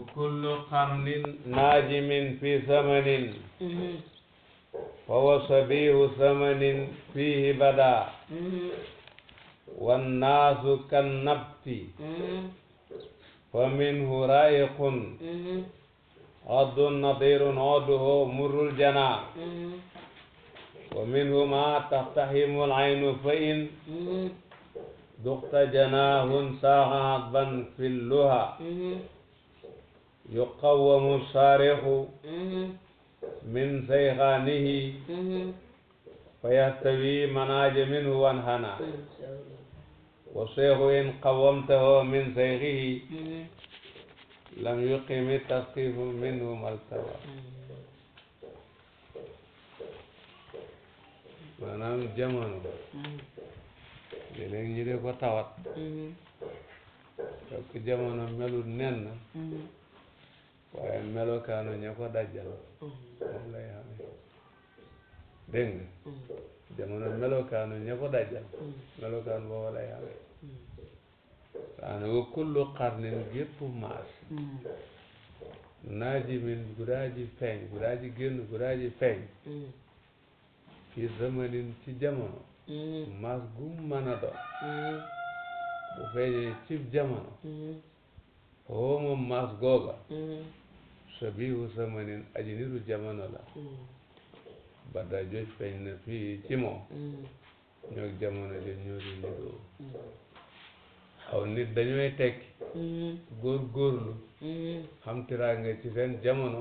wa kullu qarnin naajimin fi samanin fa huwa shabiihu samanin fiihi badaa wannaasu kannabti fa minhu raa'iqun oddun nadirun odduhu murrul janaa wa minhu maa taxtahimu al-aynu fa in duqta janaahun saaxa hadban filluha yuqawwamu saarixu mhm. min sayxaanihi mhm. fa yastawi manaaja minhu wan hana mhm. wa seexu in qawwamtahu min sayxihi lam yuqimi tasqifu minhu maltawa maanaam jamono léeg-léeg de ko tawat fekk jamono melul waaye melokaanu ña ko dajjal moom lay xamee dégg nga jamono melokaanu ña ko dajjal melokaan boobu lay xamee waane naa ji min gudaa ji feeñ gudaa ji génn gudaa ji feeñ fi zamanin ci jamono maas gum bu feeñee ci jamono foo moom maas sabihu samanin aj niru jamono la hmm. badda joj feeñ na fii ci moom hmm. ñoog jamono joj ñoo di niroo hmm. aw nit dañooy tekki góor góorlu xam tiraanga ci seen jamono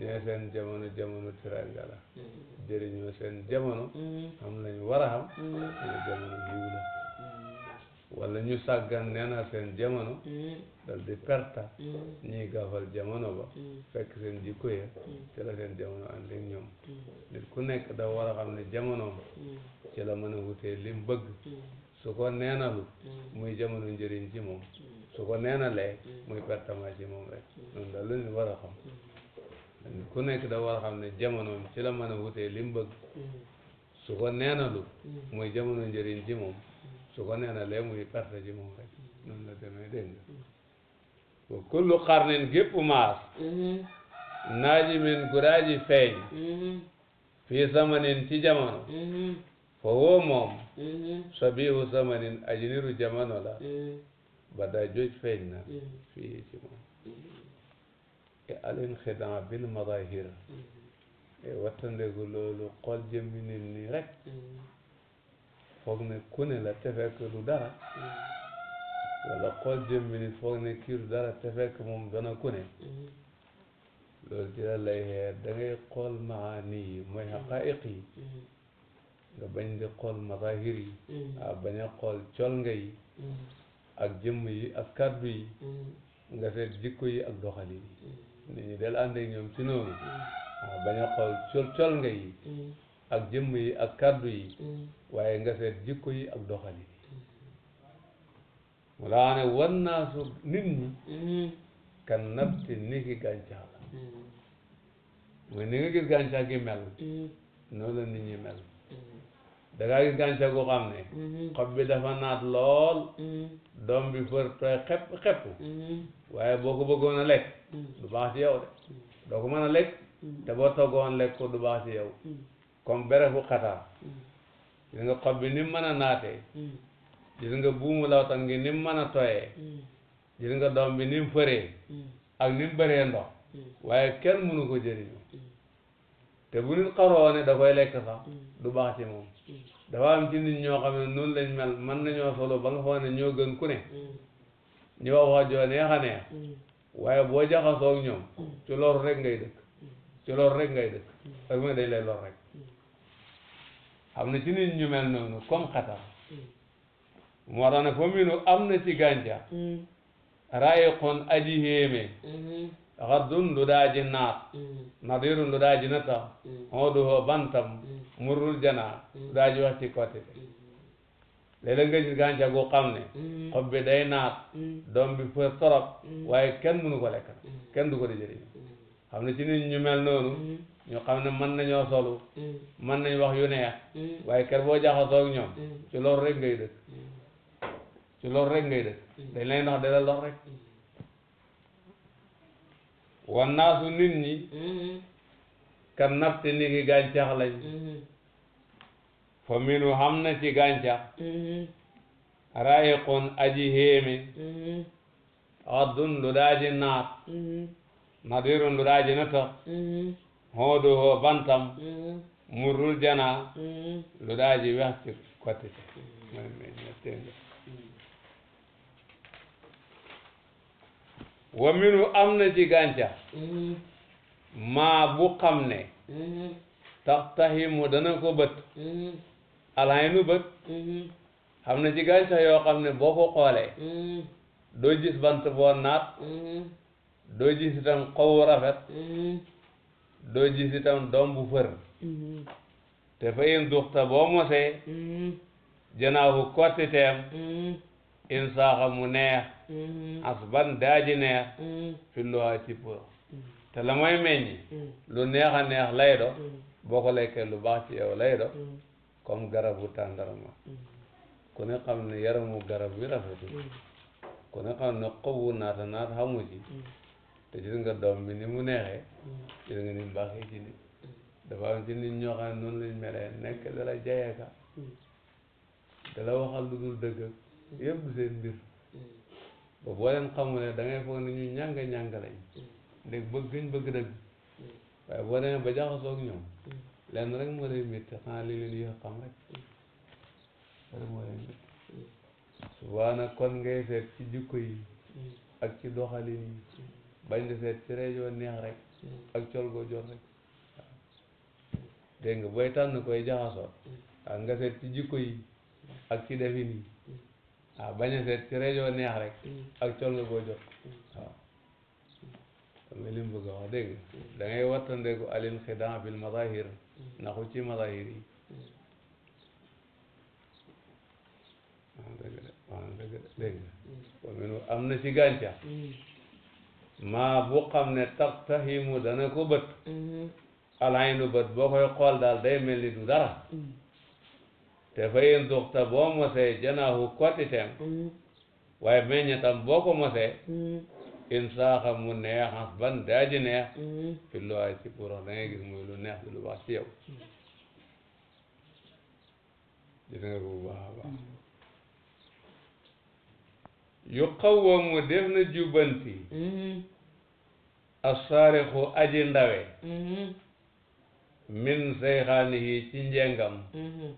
ñooy seen jamono jamono tiraanga la jëriñoo seen jamono xam lañ war a xam ñoo jamono jiw la wala ñu sàggan neenal seen jamono mm. dal perta mm. ñuy gaafal jamono ba mm. fekk seen jikko ya ci la seen jamono ànd ak ñoom nit ku nekk da war xam ne jamonoom ci la mën a wutee lim bëgg su muy jamono njëriñ ci moom su ko neenalee muy pertama ci moom rek noonu daal la ñu nekk da war xam ne jamonoom ci la mën a wutee lim bëgg su muy jamono njëriñ ci su ko nee na lee muy perte ji moom rek noonu la demee dégg nga kullu xarnin gépp maas mhm. naaji min guraaji feeñ mhm. fii samanin ci jamono mhm. fa woo moom sabihu samanin ajiniru jamono la ba daa feeñ na fii ci moom e alin xidan bil madahira e wattandegu loolu xool jëmmi nit nii rek foog ne ku ne la te fekk du dara wala xool jëmmi nit foog ne kii du dara te fekk moom dana ku ne loolu ci la lay xeer da xool maani yi mooy xaqaayiq yi nga bañ di xool mazahir yi waaw bañ a xool col nga yi ak jëmm yi ak kàddu yi nga seet jikko yi ak doxalin yi nit ñi del ànd ñoom ci noonu waaw bañ a xool col col nga yi ak jëmm yi ak kàddu yi mm. waaye nga seet jikko yi ak doxali mu mm. laa ne wan naa su nit ñi mm-hmm. kan nabti ni ki gàncax la mm. mooy ni nga gis gàncax gi mel noonu la nit ñi mel da gis gàncax gu xam ne mm-hmm. xob bi dafa naat lool doom bi fër tooy xepp xepp mm-hmm. waaye boo ko bëggoon a lekk du baax ci yow de doo ko mën a lekk te boo toggoon lekk du baax ci yow comme bere bu xataa gis nga xob bi ni mën a naate gis nga buumu lawtan ngi ni mu mën a tooyee gis nga doom bi ni mu fëree ak ni mu bëree ndox waaye kenn mënu ko jëriñoo te bu nit xaroo ne da koy lekk sax du baax ci moom dafa am ci nit ñoo xam ne noonu lañ mel mën nañoo solo ba nga foog ne ñoo gën ku ne ñu wax wax joo neex neex waaye boo jaxasoo ak ñoom ci loolu rek ngay dëkk ci loolu rek ngay dëkk ak mu ne dañ lor rek xam na ci nit ñu mel noonu comme xatar mm. moo tax ne fa minu am na ci gàncax mm. rayiqun aji héeme mm-hmm. xaddun lu daaji naat mm-hmm. nadirun lu daaji natam xooduhoo mm-hmm. bantam murrul janaa lu daaji wax ci côté léeg-léeg nga gis gàncax gu xam ne xob day naat doom bi fës torop waaye kenn mënu ko lekk kenn du ko di jëriñ xam na ci nit ñu mel ñu xam ne mën nañoo solu mm. mën nañ wax yu neex mm. waaye ker boo jaxasoo ak ñoom rek ngay dëkk ci loolu rek ngay dëkk mm. dañ lay nax da la lox rek wannaasu nit ñi mm-hmm. kan nafti ni ki gàncax lañ mm-hmm. fa minu xam na ci gàncax mm-hmm. raayiqun aji héemi addun lu daaji naat nadirun lu daaji na tax hoodu hoo bantam mm-hmm. murrul jana mm-hmm. lu daa ji weex ci côté mm-hmm. wa minu am na ci gàncax maa bu xam ne tax taximu dana ko bët alaynu bët xam na ci gàncax yoo xam ne boo ko xoolee doo gis bant boo naat doo gis itam rafet doo gis itam doom bu fër mm-hmm. te fa in duxta boo mosee mm-hmm. janaahu kottiteem mm-hmm. in saaxa mu neex asban daaji neex filluhaa ci po te la mooy meññi lu neex a neex lay do boo ko lekkee lu baax ci yow lay do comme garabu tàndarma ku ne xam ne yaramu garab wi rafetul ku ne xam ne xobu naata naat xamu ci te nga doom bi ni mu neexee mm. gis nga ni baaxee ci nit dafa am ci nit ñoo xam noonu lañ melee nekk dala jaye ka mm. dala waxal lu dul dëgg mm. yëpp seen mbir ba leen xamulee da ngay foog ne ñu ñànga lañ ndég bëgg ñu bëgg dëgg waaye boo demee ba jaxasoo ak ñoom lenn rek moo lay métti xanaa li leen yéex xam rek rek nag kon ngay seet ci jikko yi ak ci doxalin yi bañ di seet ci région neex rek ak col goo jot rek waaw dégg nga booy tànn koy jaxasoo nga seet ci jikko yi ak ci defin yi waaw bañ a seet ci région neex rek ak col nga goo jot waaw xam nga li mu bëgg a wax dégg da ngay wattandeku alin xidan bil mazahir naxu ci mazahir yi am na ci gàncax maa bu xam ne taqtahimu dana ko bët alaynu bët boo koy xool daal day mel ni du dara te fa in duxta boo mosee janaahu kottiteem waaye meññetam boo ko mosee in saaxa mu neex as ban daaji neex fi lu ay ci pour da ngay gis muy lu neex lu baax ci yow nga ko bu baax a yu xawwamu def na jubanti mhm. assaarixu aji ndawe mhm. min seyxaanihi ci njengam mhm.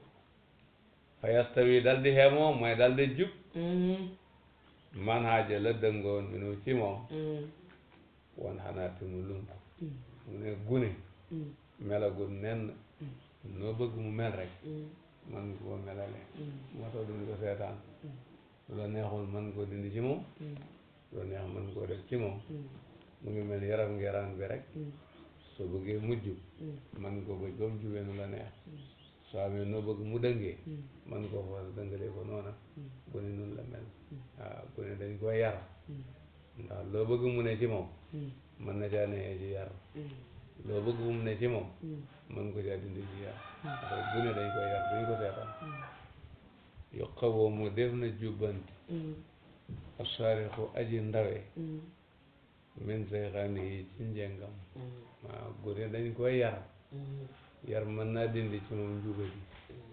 fa yastawi dal di mooy dal jub man la dëngoon minu ci moom wan xanaati mu lump mu ne gune melagul nenn noo bëgg mu mel rek man ko melalee moo tax du ko seetaan lu la neexoon mën koo dindi ci moom mm. lu neex mën koo def ci moom mm. mu ngi mel yaram ngeraan bi rek mm. soo bëggee mujj mën koo bëj ba mu jubee nu la neex soo amee noo bëgg mu dëngee mën koo xool dëngalee ko noona bu ne nun la mel waaw bu ne dañ koo yar ndax loo bëgg mu ne ci moom mën na caa neexee ci yar loo bëgg mu ne ci moom mën ko caa dindi ci yar bu ne dañ koo yar duñ ko seetaan yu xawoomu def na jubbanti mm. asaarixu aji ndawe mm. min say xaani yi ci njëngam maa mm. gune dañ ko yar yar mën naa dindi ci moom njubadi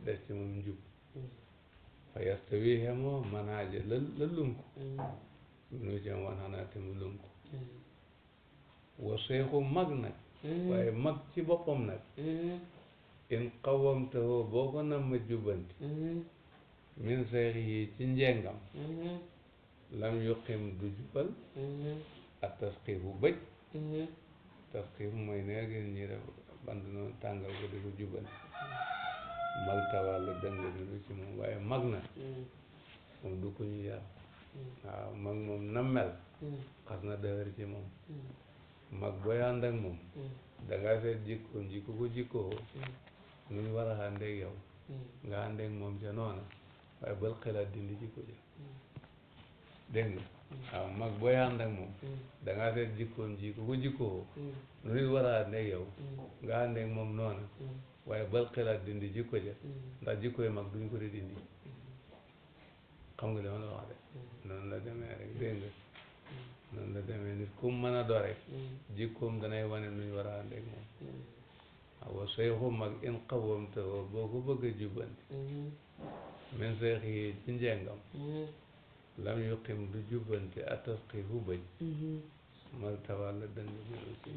def ci moom njub fa yastawi hemoo man haaja la la lunku munu ci wan xanaate mu lunku wa seexu mag nag waaye mag ci boppam nag in xawamtahoo boo ko nam ma jubbanti min seexi yi ci njengam mhm. lam yuqim du jubal mhm. ak tasxiifu bëj mhm. tasxiif mooy ne gën ñi def bant noonu tàngal ko di ko jubal mal tawaalu dëng bi lu ci moom waaye mag na moom du ko ñu yar waaw mag moom na mel xas na dëgër ci moom mag booy ànd ak moom danga seet jikkoom jikko ko jikkoo nu war a àndeek yow nga àndeek moom ca noona waaye bal xalaat dindi jikko ja mm. dégg nga mm. waaw mag booy ànd moom mm. da ngaa seet jikkoom ji ku ko jikkoo war a ànd yow nga ànd moom noona waaye bal xalaat dindi jikko ja ndax jikko yi mag duñ ko di dindi xam nga li ma la wax la demee rek dégg nga noonu la demee nit ku mën a doo rek jikkoom danay wane nuñ war a ànd ak moom waaw sooy xum mag in xawoom te boo ko bëgg a min seex yi ci njengam mm-hmm. lam yuqim du jubbante atasqi hu bëj mm-hmm. mal tawalla dëng mi aussi